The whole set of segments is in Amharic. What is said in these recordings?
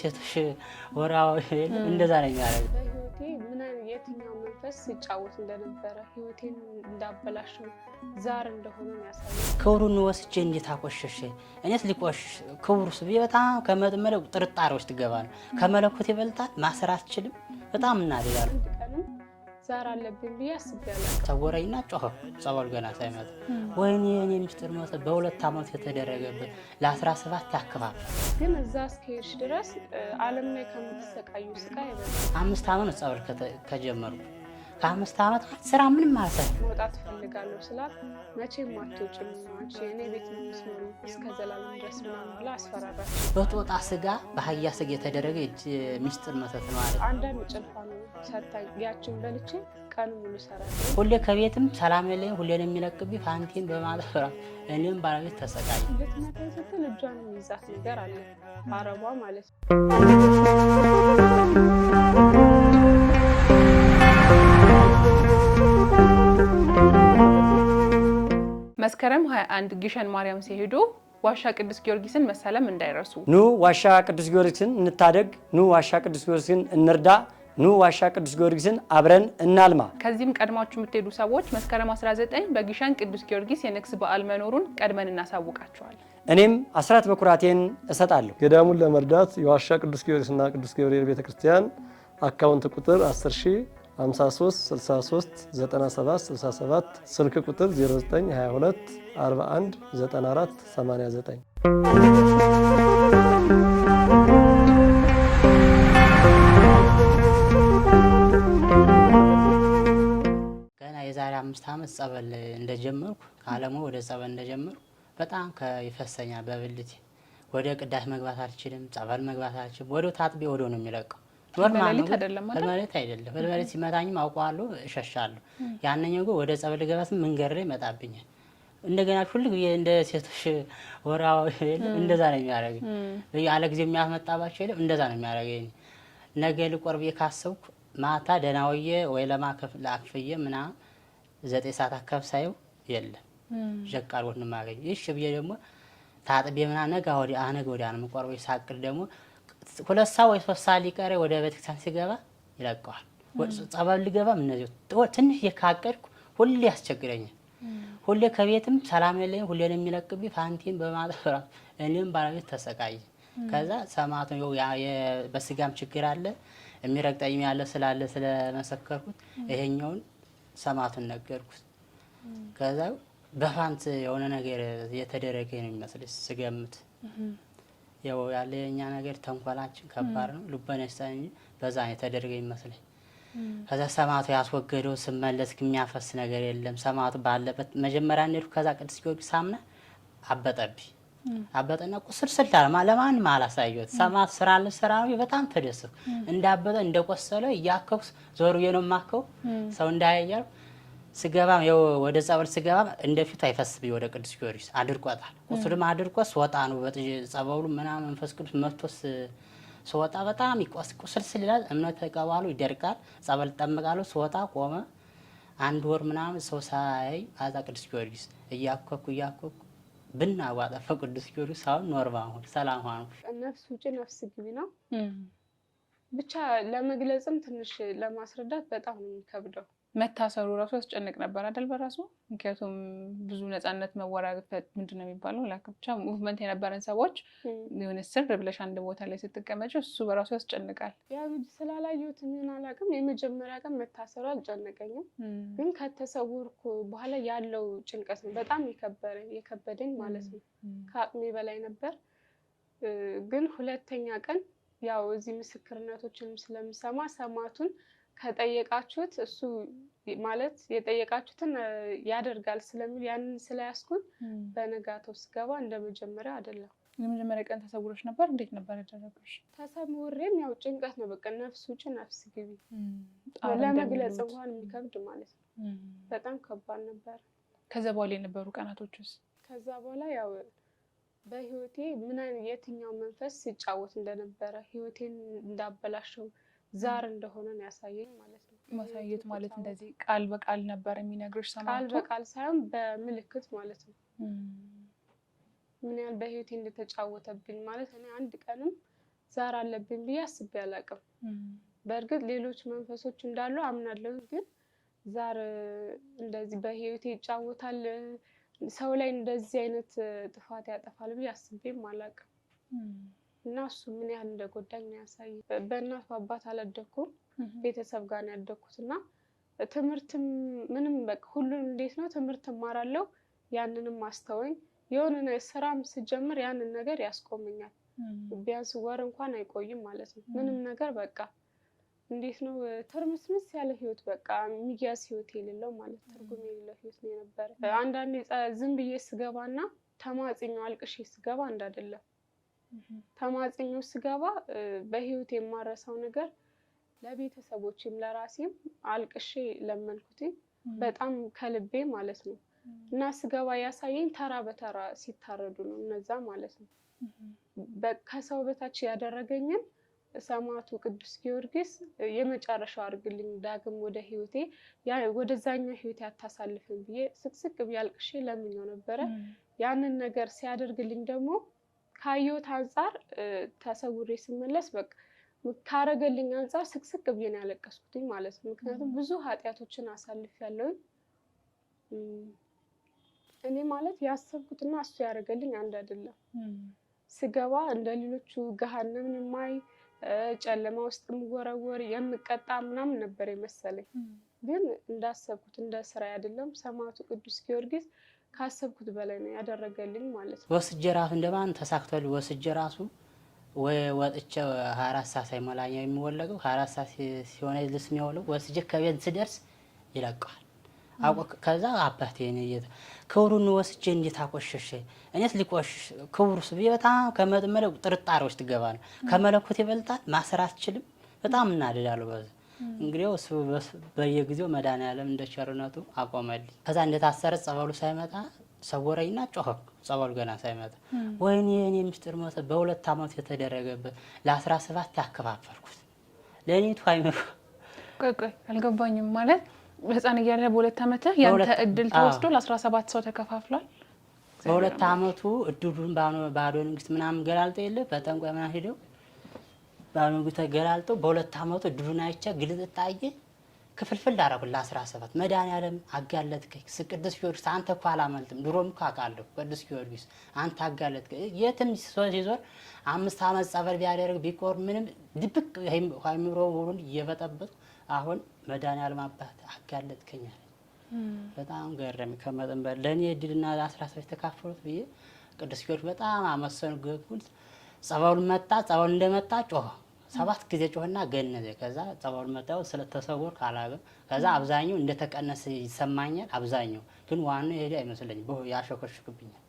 የሴቶች ወራ እንደዛ ነው የሚያደርገው። የትኛው መንፈስ ሲጫወት እንደነበረ ህይወቴን እንዳበላሽ ዛር እንደሆነ ያሳየ። ክብሩን ወስጄ እንዴት አቆሸሽ? እኔት ሊቆሽሽ ክብሩ ስ በጣም ከመጥመለቅ ጥርጣሬ ትገባል። ከመለኮት ይበልጣል ማሰር አትችልም። በጣም እናደጋለን ዛር አለብኝ ብዬ አስቤያለሁ። ተጎራኝ ጮኸ ጸበል ገና ሳይመጣ ወይኔ የኔ ሚስጥር ሞተ። በሁለት ዓመት የተደረገብን ለ17 ያክፋል። ግን እዛ እስከሄድሽ ድረስ ዓለም ላይ ከምትሰቃዩ ስቃይ አምስት ዓመት ጸበል ከጀመርኩ ከአምስት ዓመት ስራ ምንም ማለት ነው። መውጣት ፈልጋለሁ ስላት መቼ አትወጪም አንቺ የእኔ ቤት ነው እስከ ዘላለም ድረስ ምናምን ብላ አስፈራራች። በጦጣ ስጋ በአህያ ስጋ የተደረገ እጅ ሚስጥር መተት ነው አለ። አንዳንድ ጭልፋ ነው ሰታኝ ያችን በልቼ ቀኑ ሙሉ እሰራለሁ። ሁሌ ከቤትም ሰላም የለኝም። ሁሌን የሚለቅብ ፋንቲን በማጠራ እኔም ባለቤት ተሰቃይ ልትመታ ስትል እጇን የሚይዛት ነገር አለ አረቧ ማለት ነው መስከረም 21 ጊሸን ማርያም ሲሄዱ ዋሻ ቅዱስ ጊዮርጊስን መሳለም እንዳይረሱ። ኑ ዋሻ ቅዱስ ጊዮርጊስን እንታደግ፣ ኑ ዋሻ ቅዱስ ጊዮርጊስን እንርዳ፣ ኑ ዋሻ ቅዱስ ጊዮርጊስን አብረን እናልማ። ከዚህም ቀድማችሁ የምትሄዱ ሰዎች መስከረም 19 በጊሸን ቅዱስ ጊዮርጊስ የንግስ በዓል መኖሩን ቀድመን እናሳውቃቸዋል። እኔም አስራት በኩራቴን እሰጣለሁ። ገዳሙን ለመርዳት የዋሻ ቅዱስ ጊዮርጊስና ቅዱስ ገብርኤል ቤተክርስቲያን አካውንት ቁጥር 10 53 63 97 67 ስልክ ቁጥር 09 22 41 94 89 የዛሬ አምስት ዓመት ጸበል እንደጀመርኩ ከአለሙ ወደ ጸበል እንደጀመርኩ በጣም ይፈሰኛል በብልቴ ወደ ቅዳሴ መግባት አልችልም፣ ጸበል መግባት አልችልም። ወደ ታጥቤ ወደ ነው የሚለቀው ኖርማል በመሬት አይደለም። በመሬት ሲመታኝም አውቀዋለሁ፣ እሸሻለሁ። ያንኛው ግን ወደ ጸበል ገባት መንገድ ላይ ይመጣብኛል። እንደገና ሁሉ ጊዜ እንደ ሴቶች ወራ እንደዛ ነው የሚያደርገኝ። አለ ጊዜ የሚያመጣባቸው የለም፣ እንደዛ ነው የሚያደርገኝ። ነገ ልቆርብ ካሰብኩ ማታ ደህና ውዬ ወይ ለማክፍዬ ምናምን ዘጠኝ ሰዓት አካባቢ ሳየው የለም ዠቃል ወን ማገኝ ይሽ ብዬ ደግሞ ታጥቤ ምናምን ነገ ወዲያ ነገ ወዲያ ነው የምቆርበው። ሳቅድ ደግሞ ሁለት ሰዓት ወይ ሶስት ሰዓት ሊቀረ ወደ ቤተክርስቲያን ሲገባ ይለቀዋል። ጸበል ሊገባም እነዚህ ትንሽ የካቀድኩ ሁሌ ያስቸግረኛል። ሁሌ ከቤትም ሰላም የለኝም። ሁሌ ነው የሚለቅብኝ። ፋንቲን በማጥራት እኔም ባለቤት ተሰቃየ። ከዛ ሰማቱ በስጋም ችግር አለ የሚረግጠኝ ያለ ስላለ ስለመሰከርኩት ይሄኛውን ሰማቱን ነገርኩት። ከዛ በፋንት የሆነ ነገር የተደረገ ነው የሚመስል ስገምት ያው ያለ የኛ ነገር ተንኮላችን ከባድ ነው። ልበነሳ በዛ የተደረገ ይመስለኝ። ከዛ ሰማቱ ያስወገደው ስመለስ የሚያፈስ ነገር የለም። ሰማቱ ባለበት መጀመሪያ እንሄድኩ። ከዛ ቅዱስ ጊዮርጊስ ሳምነ አበጠብ አበጠና ቁስል ስልታል ለማንም አላሳየሁት። ሰማዕቱ ስራ ለስራ በጣም ተደሰትኩ። እንዳበጠ እንደቆሰለ እያከኩስ ዞር ብዬ ነው የማከው ሰው እንዳያያል ስገባ ያው ወደ ጸበል ስገባም እንደፊቱ አይፈስብኝ ወደ ቅዱስ ጊዮርጊስ አድርቆታል። ቁስሉም አድርቆ ስወጣ ነው ጸበሉ ምናምን መንፈስ ቅዱስ መቶስ ስወጣ በጣም ይቆስ ቁስል ስልላል እምነት ተቀባሉ ይደርቃል። ጸበል ጠምቃለሁ ስወጣ ቆመ። አንድ ወር ምናምን ሰው ሳይ አዛ ቅዱስ ጊዮርጊስ እያኮኩ እያኮኩ ብና ዋጠፈ ቅዱስ ጊዮርጊስ አሁን ኖርማ አሁን ሰላም ሆኑ። ነፍስ ውጭ ነፍስ ግቢ ነው ብቻ ለመግለጽም ትንሽ ለማስረዳት በጣም ነው የሚከብደው። መታሰሩ ራሱ ያስጨንቅ ነበር አይደል በራሱ ምክንያቱም ብዙ ነፃነት መወራፈት ምንድን ነው የሚባለው ላክ ብቻ ሙቭመንት የነበረን ሰዎች የሆነ ስር ብለሽ አንድ ቦታ ላይ ስትቀመጭ እሱ በራሱ ያስጨንቃል። ያ ስላላየሁት ምን አላውቅም። የመጀመሪያ ቀን መታሰሩ አልጨነቀኝም፣ ግን ከተሰወርኩ በኋላ ያለው ጭንቀት ነው በጣም የከበረ የከበደኝ ማለት ነው። ከአቅሜ በላይ ነበር። ግን ሁለተኛ ቀን ያው እዚህ ምስክርነቶችንም ስለምሰማ ሰማዕቱን ከጠየቃችሁት እሱ ማለት የጠየቃችሁትን ያደርጋል ስለሚል ያንን ስለያዝኩኝ በነጋተው ስገባ እንደ መጀመሪያ አይደለም። የመጀመሪያ ቀን ተሰውሮች ነበር። እንዴት ነበር ያደረገች? ተሰውሬም ያው ጭንቀት ነው። በቃ ነፍስ ውጭ ነፍስ ግቢ ለመግለጽ እንኳን የሚከብድ ማለት ነው። በጣም ከባድ ነበር። ከዛ በኋላ የነበሩ ቀናቶች ውስጥ ከዛ በኋላ ያው በህይወቴ ምን አይነት የትኛው መንፈስ ሲጫወት እንደነበረ ህይወቴን እንዳበላሸው ዛር እንደሆነ ነው ያሳየኝ ማለት ነው። ማሳየት ማለት እንደዚህ ቃል በቃል ነበር የሚነግርሽ? ሰማቶ ቃል በቃል ሳይሆን በምልክት ማለት ነው። ምን ያህል በህይወቴ እንደተጫወተብኝ ማለት እኔ አንድ ቀንም ዛር አለብኝ ብዬ አስቤ አላውቅም። በእርግጥ ሌሎች መንፈሶች እንዳሉ አምናለሁ፣ ግን ዛር እንደዚህ በህይወቴ ይጫወታል ሰው ላይ እንደዚህ አይነት ጥፋት ያጠፋል ብዬ አስቤም አላውቅም። እና እሱ ምን ያህል እንደጎዳኝ ነው ያሳየ። በእናት በአባት ቤተሰብ ጋር ነው እና ትምህርትም ምንም በቃ ሁሉም እንዴት ነው ትምህርት እማራለሁ፣ ያንንም አስተወኝ። የሆነ ስራም ስጀምር ያንን ነገር ያስቆመኛል። ቢያንስ ወር እንኳን አይቆይም ማለት ነው ምንም ነገር በቃ እንዴት ነው ትርምስምስ ያለ ህይወት በቃ የሚያዝ ህይወት የሌለው ማለት ትርጉም የሌለው ህይወት ነው የነበረ። አንዳንዴ ዝም ብዬ ስገባና ተማጽኛው አልቅሼ ስገባ አንድ አይደለም። ተማጽኛው ስገባ በህይወት የማረሳው ነገር ለቤተሰቦችም ለራሴም አልቅሼ ለመንኩት በጣም ከልቤ ማለት ነው። እና ስገባ ያሳየኝ ተራ በተራ ሲታረዱ ነው እነዛ ማለት ነው። ከሰው በታች ያደረገኝን ሰማዕቱ ቅዱስ ጊዮርጊስ የመጨረሻው አድርግልኝ ዳግም ወደ ህይወቴ ወደዛኛው ህይወቴ አታሳልፍም ብዬ ስቅስቅ ብዬ አልቅሼ ለምኜው ነበረ። ያንን ነገር ሲያደርግልኝ ደግሞ ካየሁት አንጻር ተሰውሬ ስመለስ በቃ ካረገልኝ አንጻር ስቅስቅ ብዬ ነው ያለቀስኩትኝ ማለት ነው። ምክንያቱም ብዙ ኃጢአቶችን አሳልፍ ያለውኝ እኔ ማለት ያሰብኩትና እሱ ያደረገልኝ አንድ አይደለም። ስገባ እንደ ሌሎቹ ገሃነምን የማይ ጨለማ ውስጥ የምወረወር የምቀጣ ምናምን ነበር የመሰለኝ። ግን እንዳሰብኩት እንደ ስራ አይደለም። ሰማዕቱ ቅዱስ ጊዮርጊስ ካሰብኩት በላይ ነው ያደረገልኝ ማለት ነው። ወስጄ ራሱ እንደማን ተሳክቷል። ወስጄ ራሱ ወጥቼ ሀያ አራት ሰዓት ሳይሞላኝ የሚወለቀው ሀያ አራት ሰዓት ሲሆነ ልስ የሚውለው ወስጄ ከቤት ስደርስ ይለቀዋል። ከዛ አባቴ ክብሩን ወስጄ እንዴት አቆሸሸ እኔት ሊቆሽሽ ክብሩ ስ በጣም ከመጥመለ ጥርጣሬዎች ትገባ ነው። ከመለኮት ይበልጣል ማሰር አትችልም። በጣም እናደዳሉ። በዛ እንግዲህ እሱ በየጊዜው መድኃኒዓለም እንደ ቸርነቱ አቆመልኝ። ከዛ እንደታሰረ ጸበሉ ሳይመጣ ሰወረኝና ጮኸኩ። ጸበሉ ገና ሳይመጣ ወይኔ የኔ ምስጢር ሞተ። በሁለት ዓመቱ የተደረገበት ለአስራ ሰባት ያከፋፈልኩት ለእኔቱ አይመ ቆይ ቆይ አልገባኝም ማለት ህፃን እያለ በሁለት ዓመትህ ያንተ እድል ተወስዶ ለአስራ ሰባት ሰው ተከፋፍሏል። በሁለት ዓመቱ እድሉን ባህዶ ንግስት ምናምን ገላልጦ የለ በጠንቋይ ምናምን ሄደው በአዶ ንግስት ተገላልጦ በሁለት ዓመቱ እድሉን አይቼ ግልጥጣዬ ክፍልፍል ዳረጉላ አስራ ሰባት መድኃኒዓለም አጋለጥከኝ። ቅዱስ ጊዮርጊስ አንተ እኮ አላመልጥም፣ ድሮም እኮ አውቃለሁ። ቅዱስ ጊዮርጊስ አንተ አጋለጥከኝ። የትም ሲዞር አምስት ዓመት ጸበል ቢያደርግ ቢቆር ምንም ድብቅ አይምሮ ውሉን እየበጠበጡ አሁን መድኃኒዓለም አባት አጋለጥከኝ አለኝ። በጣም ገረመኝ ከመጠን በላይ ለእኔ እድልና ለአስራ ሰዎች ተካፈሉት ብዬ ቅዱስ ጊዮርጊስ በጣም አመሰኑ ገጉን ጸበሉ መጣ። ጸበሉ እንደመጣ ጮኸ ሰባት ጊዜ ጮኸና ገነዘ። ከዛ ጸበሉ መጣ ስለተሰወር ካላገም ከዛ አብዛኛው እንደተቀነሰ ይሰማኛል። አብዛኛው ግን ዋናው የሄደ አይመስለኝ በሁ ያሸኮሽክብኛል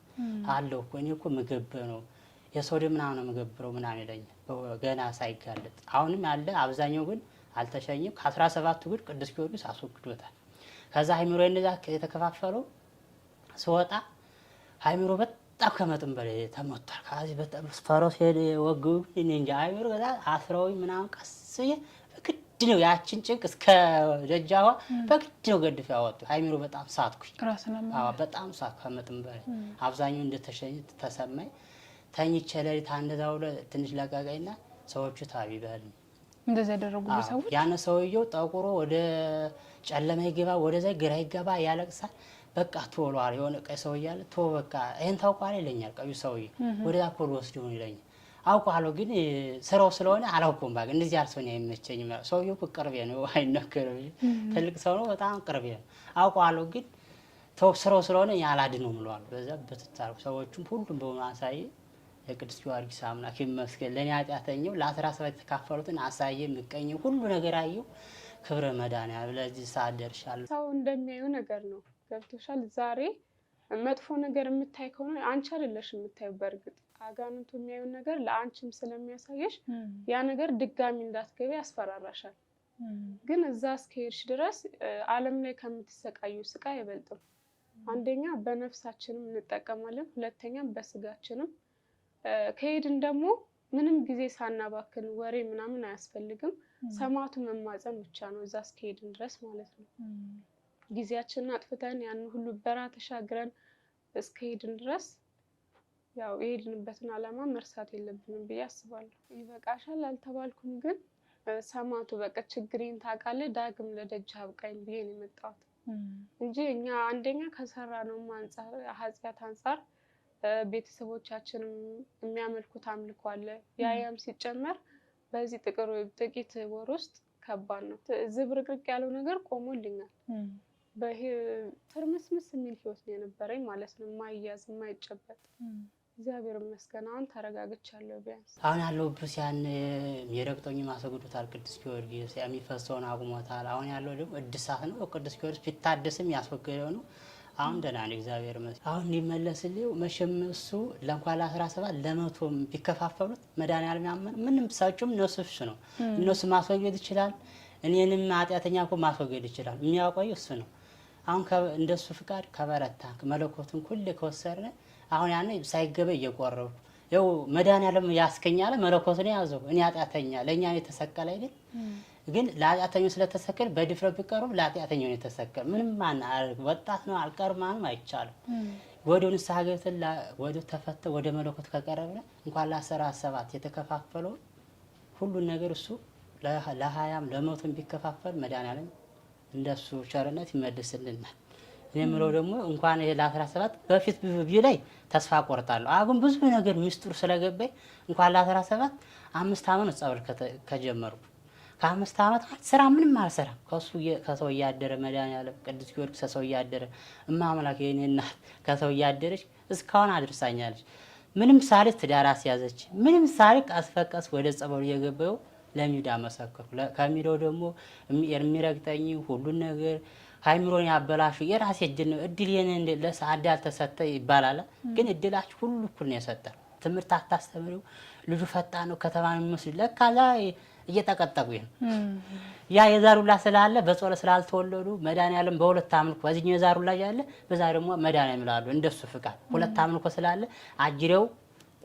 አለው እኮ እኔ እኮ ምግብ ነው የሰው ደም ምናምን ምግብ ነው ምናምን ይለኛል ገና ሳይጋለጥ አሁንም ያለ አብዛኛው ግን አልተሸኝም። ከአስራ ሰባቱ ግን ቅዱስ ጊዮርጊስ አስወግዶታል። ከዛ ሀይሚሮ እንደዛ የተከፋፈለው ስወጣ ሀይሚሮ በጣም ከመጥን በላይ ተመቷል። ከዚህ በጣም ፈረስ ሄደ ወግ እንጂ ሀይሚሮ በጣም አስራዊ ምናምን ቀስ በግድ ነው ያችን ጭንቅ እስከ ደጃዋ በግድ ነው ገድፍ ያወጡ። ሀይሚሮ በጣም ሳትኩኝ፣ በጣም ሳት ከመጠን በላይ አብዛኛው እንደተሸኝ ተሰማኝ። ተኝቼ ሌሊት አንድ እዛው ትንሽ ለጋጋይና ሰዎቹ ታቢ በል እንደዚህ ያደረጉ ሰዎች ያን ሰውየው ጠቁሮ ወደ ጨለማ ይገባ ወደዛ ግራ ይገባ ያለቅሳል። በቃ ቶሏል የሆነ ቀይ ሰው እያለ ቶ በቃ ይህን ታውቋል ይለኛል። ቀዩ ሰውዬ ወደዛ ወስድ ልወስድሁን ይለኛል። አውቋለሁ ግን ስራው ስለሆነ አላውቁም። ባ እንደዚህ አልሰው ነው አይመቸኝም። ሰውዬው ቅርቤ ነው አይነገርም። ትልቅ ሰው ነው በጣም ቅርቤ ነው። አውቋለሁ ግን ስራው ስለሆነ ያላድነው ምለዋል። በዛ በትታሩ ሰዎቹም ሁሉም በማሳየ ለቅዱስ ጊዮርጊስ አምላክ ይመስገን። ለእኔ ኃጢአተኛው ለአስራ ሰባት የተካፈሉትን አሳየ የሚቀኝ ሁሉ ነገር አየሁ። ክብረ መድኃኒዓለም ለዚህ ሰዓት ደርሻለሁ። ሰው እንደሚያዩ ነገር ነው። ገብቶሻል። ዛሬ መጥፎ ነገር የምታይ ከሆነ አንቺ አይደለሽ የምታዩ። በእርግጥ አጋንንቱ የሚያዩ ነገር ለአንቺም ስለሚያሳየሽ ያ ነገር ድጋሚ እንዳትገቢ ያስፈራራሻል። ግን እዛ እስከሄድሽ ድረስ ዓለም ላይ ከምትሰቃዩ ስቃይ አይበልጥም። አንደኛ በነፍሳችንም እንጠቀማለን፣ ሁለተኛም በስጋችንም ከሄድን ደግሞ ምንም ጊዜ ሳናባክን ወሬ ምናምን አያስፈልግም። ሰማዕቱ መማፀን ብቻ ነው እዛ እስከሄድን ድረስ ማለት ነው። ጊዜያችንን አጥፍተን ያን ሁሉ በራ ተሻግረን እስከሄድን ድረስ ያው የሄድንበትን ዓላማ መርሳት የለብንም ብዬ አስባለሁ። ይበቃሻል አልተባልኩም፣ ግን ሰማዕቱ በቃ ችግሬን ታውቃለህ፣ ዳግም ለደጅ አብቃኝ ብዬ ነው የመጣሁት እንጂ እኛ አንደኛ ከሰራ ነው ኃጢአት አንጻር ቤተሰቦቻችን የሚያመልኩት አምልኮ አለ። ያያም ሲጨመር በዚህ ጥቅር ጥቂት ወር ውስጥ ከባድ ነው። ዝብርቅርቅ ያለው ነገር ቆሞልኛል። ትርምስምስ የሚል ህይወት ነው የነበረኝ ማለት ነው። የማይያዝ የማይጨበጥ እግዚአብሔር ይመስገን አሁን ተረጋግቻለሁ። ቢያንስ አሁን ያለው ብሉሲያን የረግጦኝ ማሰጉዱታል። ቅዱስ ጊዮርጊስ የሚፈሰውን አቁሞታል። አሁን ያለው ደግሞ እድሳት ነው። ቅዱስ ጊዮርጊስ ቢታደስም ያስወገደው ነው አሁን ደህና ነው እግዚአብሔር ይመስገን። አሁን እንዲመለስልኝ መቼም እሱ ለእንኳን ለ17 ለመቶ ቢከፋፈሉት መድኃኒዓለም ያመን ምንም ሳጩም እነሱ እሱ ነው እነሱ ማስወገድ ይችላል። እኔንም ኃጢአተኛ እኮ ማስወገድ ይችላል። የሚያውቀው እሱ ነው። አሁን እንደሱ ፍቃድ ከበረታ መለኮቱን ሁሌ ከወሰድን አሁን ያኔ ሳይገበ እየቆረቡ ይኸው መድኃኒዓለም ያስገኛለ መለኮቱን ያዘው እኔ ኃጢአተኛ ለእኛ የተሰቀለ አይደል ግን ለኃጢአተኞች ስለተሰቀለ በድፍረት ቢቀርቡ ለኃጢአተኛው የተሰቀለ ምንም ማን አርግ ወጣት ነው አልቀርማንም አይቻልም። ወደ ንስሐ ገብተን ወደ ተፈተ ወደ መለኮት ከቀረብን እንኳን ለአስራ ሰባት የተከፋፈለው ሁሉን ነገር እሱ ለሀያም ለመቶም ቢከፋፈል መድኃኔዓለም እንደሱ ቸርነት ይመልስልናል። እኔ የምለው ደግሞ እንኳን ይሄ ለአስራ ሰባት በፊት ብዙ ላይ ተስፋ ቆርጣለሁ። አሁን ብዙ ነገር ምስጢሩ ስለገባኝ እንኳን ለአስራ ሰባት አምስት አመት ጸበል ከጀመርኩ ከአምስት ዓመት ስራ ምንም አልሰራ ከሱ ከሰው እያደረ መድኃኒዓለም ቅዱስ ጊዮርጊስ ከሰው እያደረ እማምላክ የኔ እናት ከሰው እያደረች እስካሁን አድርሳኛለች። ምንም ሳልት ትዳር አስያዘች። ምንም ሳልክ አስፈቀስ ወደ ጸበሉ የገባው ለሚዳ መሰከርኩ። ከሚለው ደግሞ የሚረግጠኝ ሁሉን ነገር ሀይምሮን ያበላሹ የራሴ እድል ነው። እድል ይህን ለሰአዳ አልተሰጠ ይባላል፣ ግን እድላች ሁሉ እኩል ነው የሰጠ ትምህርት አታስተምሪው ልጁ ፈጣን ነው ከተማ ነው የሚመስል ለካ እየተቀጠቁ ነው። ያ የዛሩላ ስላለ በጾረ ስላልተወለዱ መድኃኒዓለም በሁለት አምልኮ በዚህኛው የዛሩላ ያለ በዛ ደግሞ መድኃኒዓለም ይላሉ። እንደሱ ፍቃድ ሁለት አምልኮ ስላለ አጅሬው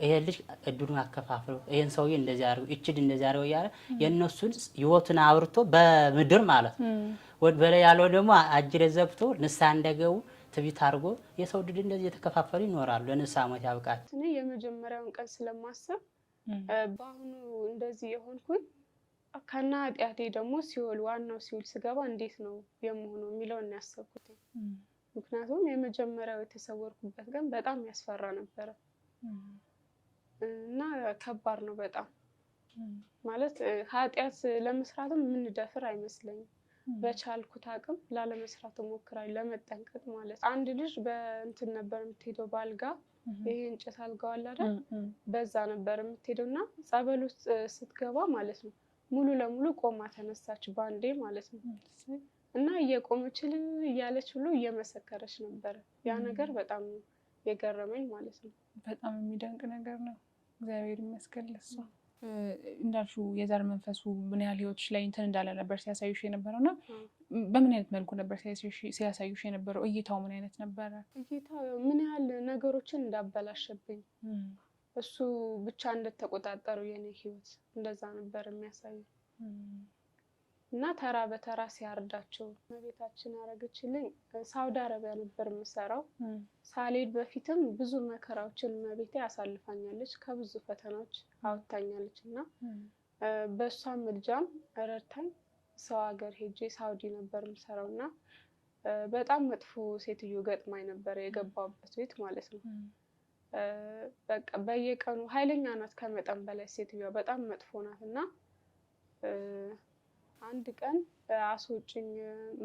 ይሄ ልጅ እድሉን አከፋፍሎ ይሄን ሰውዬ እንደዚህ አድርገው እችድ እንደዚህ አድርገው እያለ የእነሱን ህይወቱን አብርቶ በምድር ማለት ነው። በላይ ያለው ደግሞ አጅሬ ዘግቶ ንሳ እንደገቡ ትቢት አድርጎ የሰው ድድ እንደዚህ የተከፋፈሉ ይኖራሉ። ለንሳ ሞት ያብቃል። እኔ የመጀመሪያውን ቀን ስለማሰብ በአሁኑ እንደዚህ የሆንኩኝ ከና ኃጢአቴ ደግሞ ሲኦል ዋናው ሲውል ስገባ እንዴት ነው የምሆነው የሚለውን ያሰብኩት። ምክንያቱም የመጀመሪያው የተሰወርኩበት ቀን በጣም ያስፈራ ነበረ እና ከባድ ነው በጣም ማለት ኃጢአት ለመስራትም የምንደፍር አይመስለኝም። በቻልኩት አቅም ላለመስራት ሞክራ ለመጠንቀቅ ማለት አንድ ልጅ በእንትን ነበር የምትሄደው በአልጋ ይሄ እንጨት አልጋው አለ አይደል? በዛ ነበር የምትሄደው እና ጸበል ውስጥ ስትገባ ማለት ነው ሙሉ ለሙሉ ቆማ ተነሳች፣ ባንዴ ማለት ነው። እና እየቆመችል እያለች ሁሉ እየመሰከረች ነበረ። ያ ነገር በጣም የገረመኝ ማለት ነው። በጣም የሚደንቅ ነገር ነው። እግዚአብሔር ይመስገን ለሷ። እንዳልሽው የዘር መንፈሱ ምን ያህል ህይወቶች ላይ እንትን እንዳለ ነበር ሲያሳዩሽ የነበረው እና በምን አይነት መልኩ ነበር ሲያሳዩሽ የነበረው? እይታው ምን አይነት ነበረ? እይታው ምን ያህል ነገሮችን እንዳበላሸብኝ እሱ ብቻ እንደተቆጣጠሩ የኔ ህይወት እንደዛ ነበር የሚያሳየው እና ተራ በተራ ሲያርዳቸው መቤታችን ያደረገችልኝ ሳውዲ አረቢያ ነበር የምሰራው። ሳልሄድ በፊትም ብዙ መከራዎችን መቤቴ አሳልፋኛለች፣ ከብዙ ፈተናዎች አወታኛለች እና በእሷ ምልጃም ረድታኝ ሰው ሀገር ሄጄ ሳውዲ ነበር የምሰራው እና በጣም መጥፎ ሴትዮ ገጥማኝ ነበር የገባበት ቤት ማለት ነው። በቃ በየቀኑ ኃይለኛ ናት ከመጠን በላይ ሴትዮዋ በጣም መጥፎ ናት። እና አንድ ቀን አስወጭኝ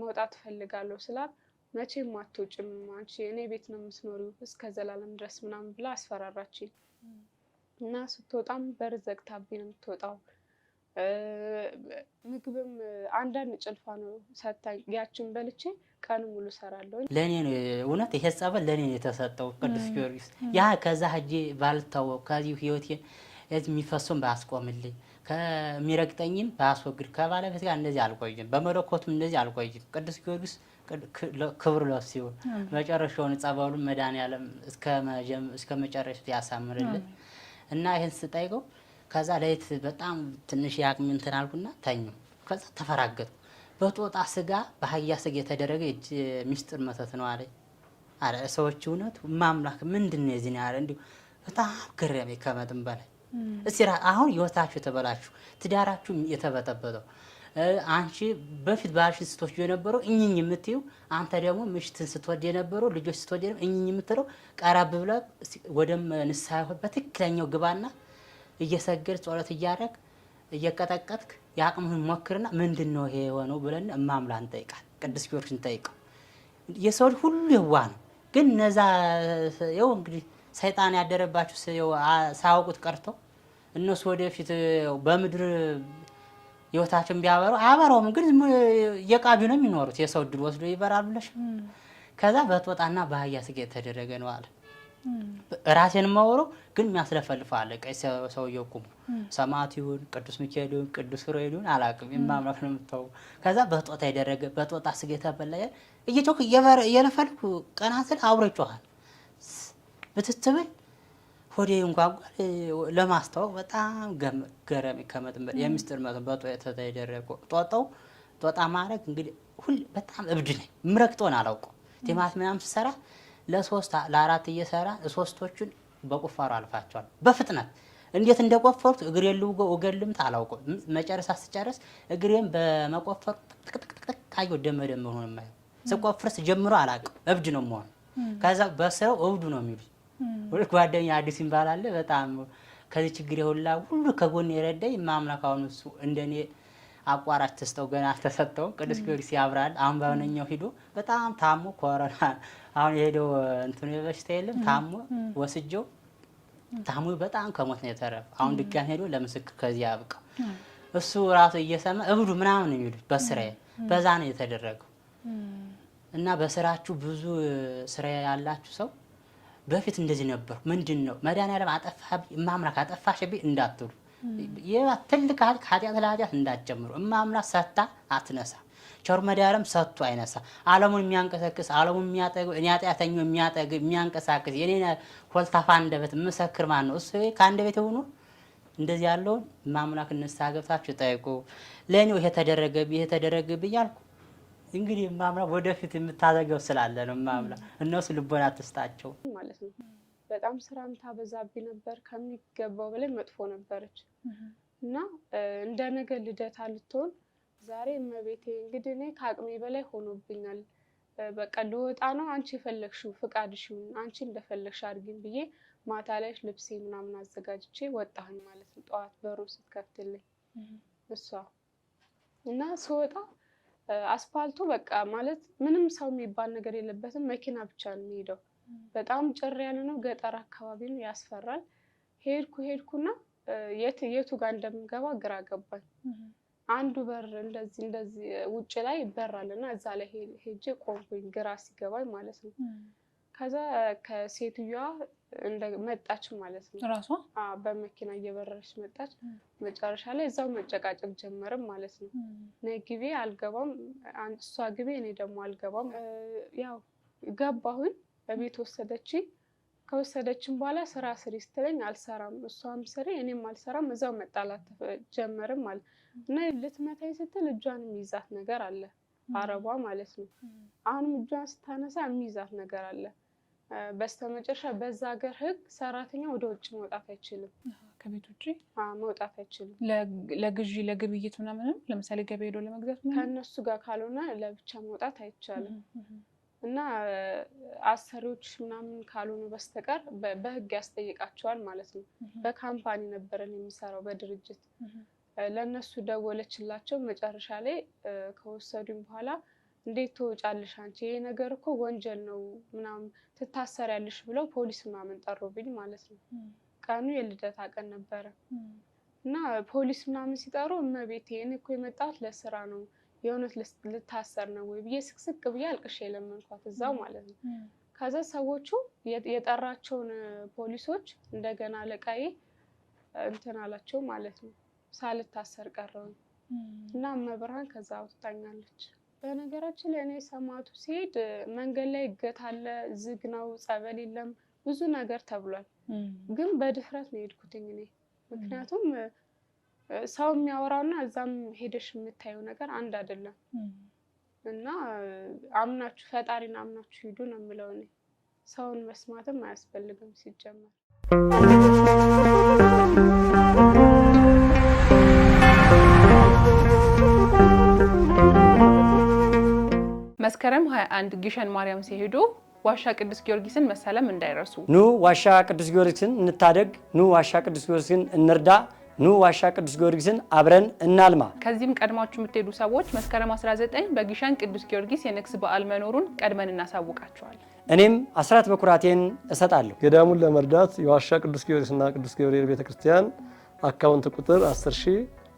መውጣት ፈልጋለሁ ስላል መቼም አትወጭም አንቺ እኔ ቤት ነው የምትኖሪው እስከ ዘላለም ድረስ ምናምን ብላ አስፈራራችኝ። እና ስትወጣም በር ዘግታብኝ ነው የምትወጣው። ምግብም አንዳንድ ጭልፋ ነው ሰታኝ ያችን በልቼ ቀኑ ሙሉ ሰራለሁ። ለእኔ እውነት ይሄ ጸበል ለእኔ የተሰጠው ቅዱስ ጊዮርጊስ ያ ከዛ ሂጄ ባልታወቅ ከዚሁ ህይወቴን የሚፈሱም ባያስቆምልኝ ከሚረግጠኝም ባያስወግድ ከባለቤት ጋር እንደዚህ አልቆይም፣ በመለኮቱም እንደዚህ አልቆይም። ቅዱስ ጊዮርጊስ ክብር ለሱ ሲሆን መጨረሻውን ጸበሉን መድኃኒዓለም እስከ መጨረሻ ያሳምርልን እና ይህን ስጠይቀው ከዛ ለየት በጣም ትንሽ የአቅሜ እንትን አልኩና ተኙ። ከዛ ተፈራገጥኩ በጦጣ ስጋ በአህያ ስጋ የተደረገ እጅ ሚስጥር መተት ነው አለ አረ ሰዎች እውነት ማምላክ ምንድን ነው የዚህ ያለ እንዲሁ በጣም ገረሜ ከመጥን በላይ እስኪ አሁን ህይወታችሁ የተበላችሁ ትዳራችሁ የተበጠበጠው አንቺ በፊት ባልሽን ስትወስጂ የነበረው እኝኝ የምትዩ አንተ ደግሞ ምሽትን ስትወድ የነበረው ልጆች ስትወድ የነበረው እኝኝ የምትለው ቀረብ ብለህ ወደ ንስሐ በትክክለኛው ግባና እየሰገድክ ጸሎት እያረግ እየቀጠቀጥክ የአቅምህን ሞክርና ምንድን ነው ይሄ የሆነው ብለን እማምላ እንጠይቃል። ቅዱስ ጊዮርጊስ እንጠይቀው። የሰው ልጅ ሁሉ የዋ ነው። ግን እነዛ ው እንግዲህ ሰይጣን ያደረባቸው ሳያውቁት ቀርቶ እነሱ ወደፊት በምድር ህይወታቸውን ቢያበሩ አያበራውም። ግን የቃቢ ነው የሚኖሩት። የሰው ድል ወስዶ ይበራሉለሽ። ከዛ በጦጣና በአህያ ስጌ የተደረገ ነው አለ ራሴን ማወሩ ግን የሚያስለፈልፋለ ቀይ ሰውዬው ቁሙ ሰማዕት ይሁን ቅዱስ ሚካኤል ይሁን ቅዱስ ዑራኤል ይሁን አላውቅም። የማምላክ ነው የምታው ከዛ በጦታ የደረገ በጦጣ ስጌታ በላይ እየጮክ እየለፈልኩ ቀና ስል አብሮ ይጮሃል። ብትትብል ሆዴ እንጓጓል ለማስታወቅ በጣም ገረሚ ከመጥመድ የሚስጥር መጥ በጦታ የደረገ ጦጣው ጦጣ ማድረግ እንግዲህ ሁሌ በጣም እብድ ነኝ። ምረግጦን አላውቀው ቲማት ምናምን ስሰራ ለሶስት ለአራት እየሰራ ሶስቶቹን በቁፋሮ አልፋቸዋል። በፍጥነት እንዴት እንደቆፈሩት እግሬ ልውጎ እገልምት አላውቅም። መጨረሻ ስጨርስ እግሬም በመቆፈር ጥቅጥቅጥቅ ካየሁ ደመ ደመ ሆኖ ማየ ስቆፍርስ ጀምሮ አላውቅም። እብድ ነው መሆኑ። ከዛ በስራው እብዱ ነው የሚሉት። ጓደኛ አዲስ ይባላል በጣም ከዚህ ችግር ሁላ ሁሉ ከጎን የረዳኝ ማምላክ አሁን እሱ እንደኔ አቋራጭ ተስተው ገና አልተሰጠውም። ቅዱስ ጊዮርጊስ ያብራል። አሁን በአሁነኛው ሂዶ በጣም ታሞ ኮረና አሁን የሄደው እንትኑ የበሽታ የለም ታሞ ወስጆ ታሙ በጣም ከሞት ነው የተረፈ። አሁን ድጋሚ ሄዶ ለምስክር ከዚህ ያብቃ እሱ ራሱ እየሰማ እብዱ ምናምን የሚሉት በስራ በዛ ነው የተደረገው። እና በስራችሁ ብዙ ስራ ያላችሁ ሰው በፊት እንደዚህ ነበሩ። ምንድን ነው መድኃኒዓለም አጠፋህብኝ እማምላክ አጠፋሽብኝ እንዳትሉ፣ ትልቅ ኃጢአት ለኃጢአት እንዳትጀምሩ። እማምላክ ሰታ አትነሳ ቸር መድኃኒዓለም ሰጥቶ አይነሳ ዓለሙን የሚያንቀሳቅስ ዓለሙን የሚያጠግብ እኔ ኃጢአተኛው የሚያጠግብ የሚያንቀሳቅስ የኔ ኮልታፋ አንደበት ምሰክር ማን ነው? እሱ ከአንድ ቤት የሆኑ እንደዚህ ያለውን ማምላክ እንስሳ ገብታችሁ ጠይቁ። ለእኔ ይሄ ተደረገብኝ ይሄ ተደረገብኝ እያልኩ እንግዲህ ማምላክ ወደፊት የምታዘገብ ስላለ ነው። ማምላክ እነሱ ልቦና ትስጣቸው ማለት ነው። በጣም ስራም ታበዛብኝ ነበር ከሚገባው በላይ መጥፎ ነበረች እና እንደ ነገ ልደታ ልትሆን ዛሬ እመቤቴ እንግዲህ እኔ ከአቅሜ በላይ ሆኖብኛል። በቃ ልወጣ ነው። አንቺ የፈለግሽው ፍቃድሽን አንቺ እንደፈለግሽ አድርጊኝ ብዬ ማታ ላይ ልብሴ ምናምን አዘጋጅቼ ወጣሁኝ ማለት ነው። ጠዋት በሩ ስትከፍትልኝ እሷ እና ስወጣ አስፋልቱ በቃ ማለት ምንም ሰው የሚባል ነገር የለበትም። መኪና ብቻ ነው የሚሄደው። በጣም ጭር ያለ ነው። ገጠር አካባቢ ነው፣ ያስፈራል። ሄድኩ ሄድኩና የቱ ጋር እንደምገባ ግራ ገባኝ። አንዱ በር እንደዚህ እንደዚህ ውጭ ላይ ይበራል እና እዛ ላይ ሄጄ ቆምኩኝ፣ ግራ ሲገባኝ ማለት ነው። ከዛ ከሴትዮዋ እንደ መጣች ማለት ነው ራሷ በመኪና እየበረረች መጣች። መጨረሻ ላይ እዛው መጨቃጨቅ ጀመርም ማለት ነው። እኔ ግቤ አልገባም፣ እሷ ግቤ፣ እኔ ደግሞ አልገባም። ያው ገባሁኝ፣ በቤት ወሰደች። ከወሰደችን በኋላ ስራ ስሪ ስትለኝ አልሰራም፣ እሷም ስሪ፣ እኔም አልሰራም። እዛው መጣላት ጀመርም ማለት ነው እና ልትመታኝ ስትል እጇን የሚይዛት ነገር አለ፣ አረቧ ማለት ነው። አሁንም እጇን ስታነሳ የሚይዛት ነገር አለ። በስተመጨረሻ በዛ ሀገር ህግ ሰራተኛ ወደ ውጭ መውጣት አይችልም፣ ከቤት ውጭ መውጣት አይችልም። ለግዢ ለግብይት ምናምንም ለምሳሌ ገበያ ሄዶ ለመግዛት ከእነሱ ጋር ካልሆነ ለብቻ መውጣት አይቻልም። እና አሰሪዎች ምናምን ካልሆኑ በስተቀር በህግ ያስጠይቃቸዋል ማለት ነው። በካምፓኒ ነበረን የሚሰራው በድርጅት ለእነሱ ደወለችላቸው። መጨረሻ ላይ ከወሰዱኝ በኋላ እንዴት ትወጫለሽ አንቺ? ይሄ ነገር እኮ ወንጀል ነው ምናምን ትታሰሪያለሽ ብለው ፖሊስ ምናምን ጠሩብኝ ማለት ነው። ቀኑ የልደት ቀን ነበረ እና ፖሊስ ምናምን ሲጠሩ እመቤቴ፣ እኔ እኮ የመጣሁት ለስራ ነው የእውነት ልታሰር ነው ወይ ብዬ ስቅስቅ ብዬ አልቅሼ የለመንኳት እዛው ማለት ነው። ከዛ ሰዎቹ የጠራቸውን ፖሊሶች እንደገና ለቃዬ እንትን አላቸው ማለት ነው ሳልታሰር ቀረው እና መብርሃን ከዛ አውጥታኛለች። በነገራችን ላይ እኔ ሰማቱ ሲሄድ መንገድ ላይ እገት አለ፣ ዝግ ነው፣ ጸበል የለም ብዙ ነገር ተብሏል። ግን በድፍረት ነው የሄድኩትኝ እኔ ምክንያቱም ሰው የሚያወራውና እዛም ሄደሽ የምታየው ነገር አንድ አይደለም። እና አምናችሁ ፈጣሪን አምናችሁ ሂዱ ነው የምለው እኔ። ሰውን መስማትም አያስፈልግም ሲጀመር መስከረም 21 ጊሸን ማርያም ሲሄዱ ዋሻ ቅዱስ ጊዮርጊስን መሳለም እንዳይረሱ። ኑ ዋሻ ቅዱስ ጊዮርጊስን እንታደግ፣ ኑ ዋሻ ቅዱስ ጊዮርጊስን እንርዳ፣ ኑ ዋሻ ቅዱስ ጊዮርጊስን አብረን እናልማ። ከዚህም ቀድማችሁ የምትሄዱ ሰዎች መስከረም 19 በጊሸን ቅዱስ ጊዮርጊስ የንግስ በዓል መኖሩን ቀድመን እናሳውቃቸዋል። እኔም አስራት በኩራቴን እሰጣለሁ። ገዳሙን ለመርዳት የዋሻ ቅዱስ ጊዮርጊስና ቅዱስ ገብርኤል ቤተክርስቲያን አካውንት ቁጥር 10